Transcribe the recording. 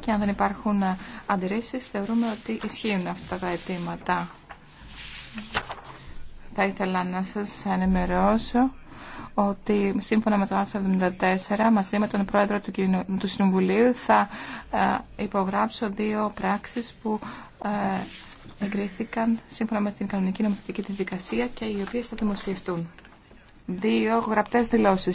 και αν δεν υπάρχουν ε, αντιρρήσεις θεωρούμε ότι ισχύουν αυτά τα αιτήματα. Θα ήθελα να σας ενημερώσω ότι σύμφωνα με το άρθρο 74 μαζί με τον πρόεδρο του, του Συμβουλίου θα ε, υπογράψω δύο πράξεις που ε, εγκρίθηκαν σύμφωνα με την κανονική νομοθετική διαδικασία και οι οποίες θα δημοσιευτούν. Δύο γραπτές δηλώσεις.